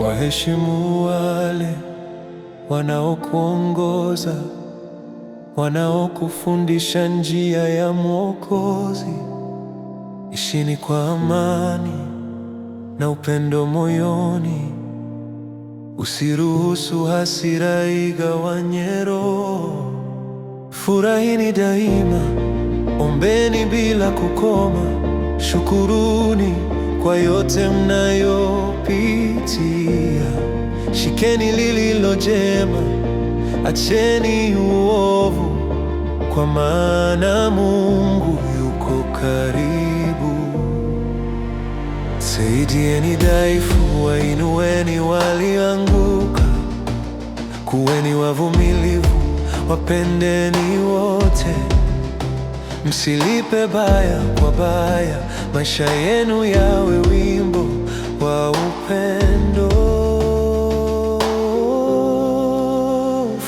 waheshimu wale wanaokuongoza, wanaokufundisha njia ya Mwokozi. Ishini kwa amani na upendo moyoni, usiruhusu hasira igawanye roho. Furahini daima, ombeni bila kukoma, shukuruni kwa yote mnayopitia. Shikeni lililo jema, acheni uovu, kwa maana Mungu yuko karibu. Saidieni dhaifu, wainueni walioanguka, kuweni wavumilivu, wapendeni wote Msilipe baya kwa baya, maisha yenu yawe wimbo wa upendo.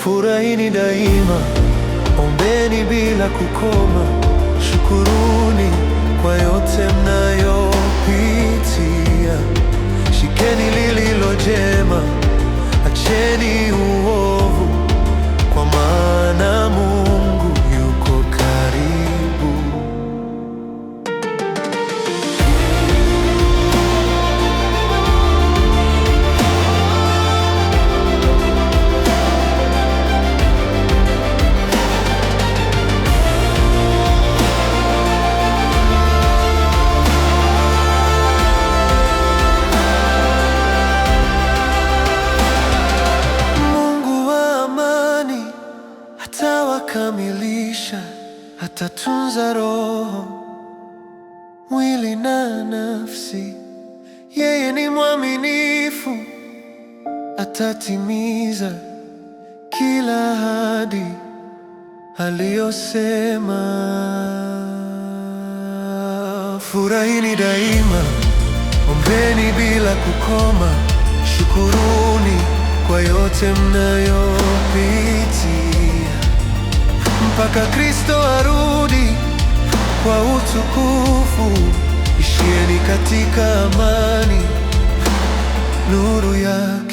Furahini daima, ombeni bila kukoma, shukuruni kwa yote mnayopitia. atakamilisha, atatunza roho, mwili na nafsi. Yeye ni mwaminifu, atatimiza kila ahadi aliyosema. Furahini daima, ombeni bila kukoma, shukuruni kwa yote mnayopi mpaka Kristo arudi kwa utukufu. Ishieni katika amani, nuru ya